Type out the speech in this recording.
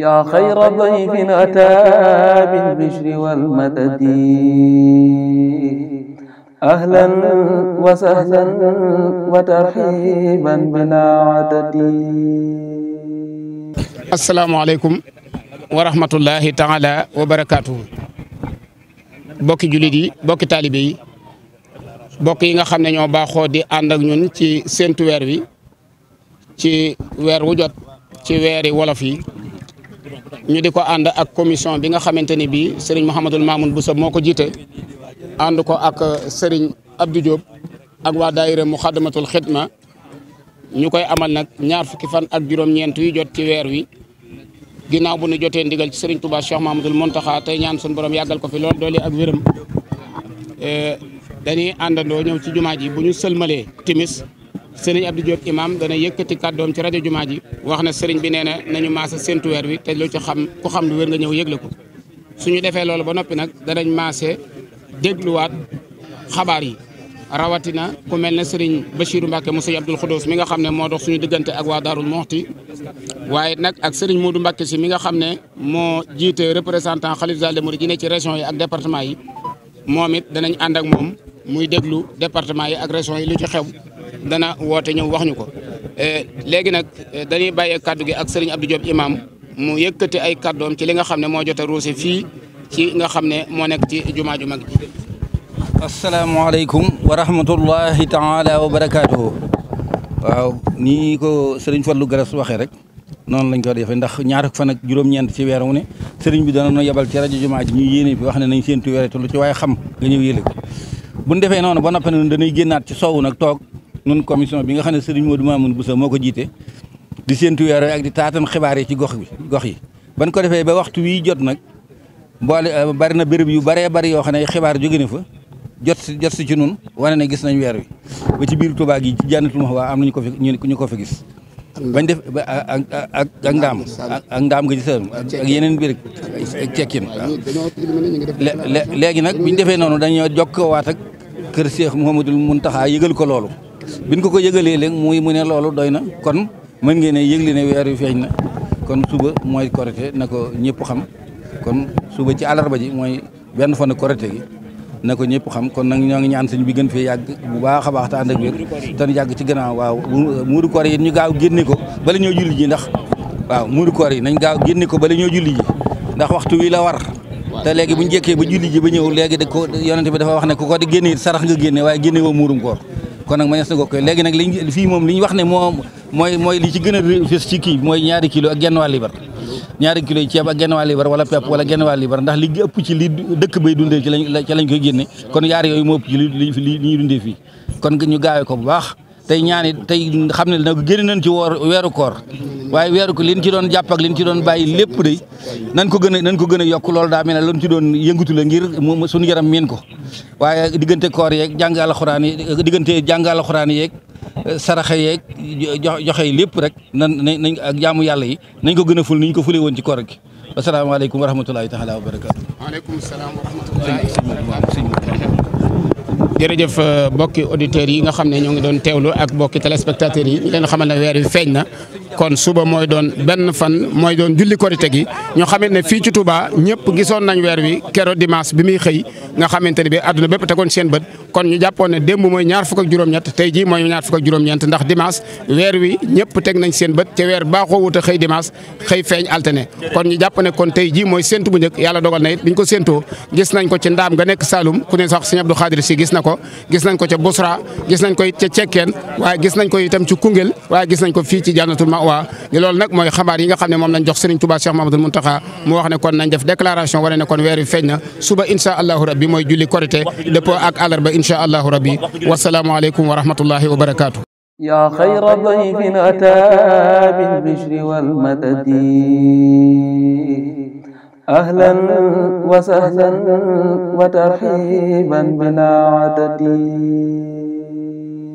yaa xayra dayfin ataa bil bishri wal wa sahlan wa tarxiiban bilaa adadi. asalaamualeykum wa rahmatullahi taala wa barakaatu. bokki jullit yi bokki taalibe yi bokk nga xam ne ñoo baaxoo di ànd ak ñun ci séntu weer wi ci weer wu jot ci weeri wolof yi. ñu di ko ànd ak commission bi nga xamante ni bii Serigne Mouhamadul Mamoun Boussa moo ko jiite ànd ko ak Serigne Abdou Diop ak waa daayira Muxaddamatul Xidma ñu koy amal nag ñaar fukki fan ak juróom-ñeent yu jot ci weer wi ginnaaw bu ñu jotee ndigal ci Serigne Touba Cheikh Mouhamadul tey ñaan suñu borom yàggal ko fi lool doole ak wéram eh, dañuy àndandoo ñëw ci jumaa bu ñu sëlmalee timis sëriñ Abdou Diop imam dana yëkkati kàddoom ci rajo jumaa ji wax na sëriñ bi nee na nañu maase séntu weer wi te lu ci xam ku xam lu nga ñëw yëgle ko suñu defee loolu ba noppi nag danañ maase dégluwaat xabaar yi rawatina ku mel ne sëriñ Bachirou Mbacke Moussa Abdoul Khoudous mi nga xam ne moo dox suñu diggante ak waa Darou Mouhty waaye nag ak sëriñ moo Modou Mbacke si mi nga xam ne moo jiite représentant xalif Zalde Mouride ne ci région yi ak département yi moom it danañ ànd ak moom muy déglu département yi ak région yi lu ci xew dana woote ñëw wax ñu ko eh, léegi nag eh, dañuy bàyyee kaddu gi ak sëriñ Abdou Diop imam mu yëkkati ay kaddoom ci li nga xam ne moo jot a ruuse fii ci nga xam ne moo nekk ci jumaa ju mag ji asalaamaaleykum wa rahmatullahi taala wa barakaatuhu waaw nii ko sëriñ Fallou Garas waxee rek noonu lañ ko defee ndax ñaar fan ak juróom-ñeent ci weer wu ne sëriñ bi danoon yebal ci rajo jumaa ji ñu yéene wax ne nañ séentu weeretu lu ci waaye xam nga ñëw yéene bu ñu defee noonu ba noppi ne dañuy génnaat ci soow nag toog nun commission bi nga xam ne sëriñ Modou Mamoun Boussa moo ko jiite di séentu weer ak di taatan xibaar yi ci gox bi gox yi ban ko defee ba waxtu wii jot nag boole euh, bari na béréb yu baree bari yoo xam ne xibaar jóge na fa jot si jot si ci nun wane ne gis nañ weer wi ba ci biir Touba gi ci jànnatul waa am nañu ko fi ñu ko fa gis bañ def ak ak ak ndaam ak ndaam nga ci sëriñ ak yeneen béréb ak cekkin léegi nag biñu defee noonu dañoo jokkoowaat ak kër Cheikh Mouhamadoul Mountakha yëgal ko loolu biñ ko ko yëgalee léegi muy mu ne loolu doy na kon mën ngeen ne yëgle ne weer yu feeñ na kon suba mooy korite na ko ñëpp xam kon suba ci àllarba ji mooy benn fan korite gi na ko ñëpp xam kon nag ñoo ngi ñaan sëñ bi gën fee yàgg bu baax a baax te ànd ak wér te ñu yàgg ci gannaaw waaw muuru koor yi ñu gaaw génne ko bala ñoo julli ji ndax waaw muuru koor yi nañ gaaw génne ko bala ñoo julli ji ndax waxtu wii la war te léegi bu ñu njëkkee ba julli ji ba ñëw léegi da ko yonente bi dafa wax ne ku ko di génne it sarax nga génne waaye génne woo muurum koor kon nag mënees na ko koy léegi nag liñ fii moom li ñu wax ne moo mooy mooy li ci gën a fës ci kii mooy ñaari kilo ak genn wàll libar ñaari kilo yi ceeb ak genn wàll libar wala pepp wala genn wàll libar ndax li ëpp ci li dëkk bay dundee ci koy génne kon yaar yooyu moo ëpp ci li li ñuy dundee fii kon ñu ko bu baax tey ñaani tey xam ne nag génn nañ ci woor weeru koor waaye weeru ko liñ ci doon jàpp ak liñ ci doon bàyyi lépp day nañ ko gën a nañ ko gën a yokk loolu daa mel ne loolu ci doon yëngatu la ngir mu suñu yaram miin ko waaye diggante koor yeeg jàng alxuraan yi diggante jàng alxuraan yeeg eh, saraxa yeeg joxe lépp rek nan nañ ak jaamu yàlla yi nañ ko gën a ful niñ ko fulee woon ci kor gi asalaamaaleykum wa rahmatulahi taala wa wa rahmatulahi wa barakaatu. jërëjëf euh, mbokki auditeurs yi nga xam ne ñoo ngi doon teewlu ak mbokki téléspectateurs yi ñu leen xamal ne weer wi feeñ na kon suba mooy doon benn fan mooy doon julli korite gi ñu xamante ne fii ci Touba ñëpp gisoon nañ weer wi kero dimanche bi muy xëy nga xamante ne bi àdduna bépp tegoon seen bët kon ñu jàppoon ne démb mooy ñaar fukk ak juróom-ñett tey jii mooy ñaar fukk ak juróom-ñeent ndax dimanche weer wi ñëpp teg nañ seen bët te weer baaxoo wut a xëy dimanche xëy feeñ altine kon ñu jàpp kon tey jii mooy séntu bu njëkk yàlla dogal na it biñ ko séntoo gis nañ ko ci ndaam nga nekk Saloum ku ne sax si gis na ko waa ni loolu nag mooy xabaar yi nga xam ne moom lañ jox Serigne Touba Cheikh Mamadou Mountakha mu wax ne kon nañ def déclaration wane ne kon weer wi feeñ na suba incha allahu rabbi mooy julli korité dëppoo ak àllarba incha allahu rabbi wasalaamu aleykum wa rahmatullahi wa barakaatu. yaa xayra dayfin ataa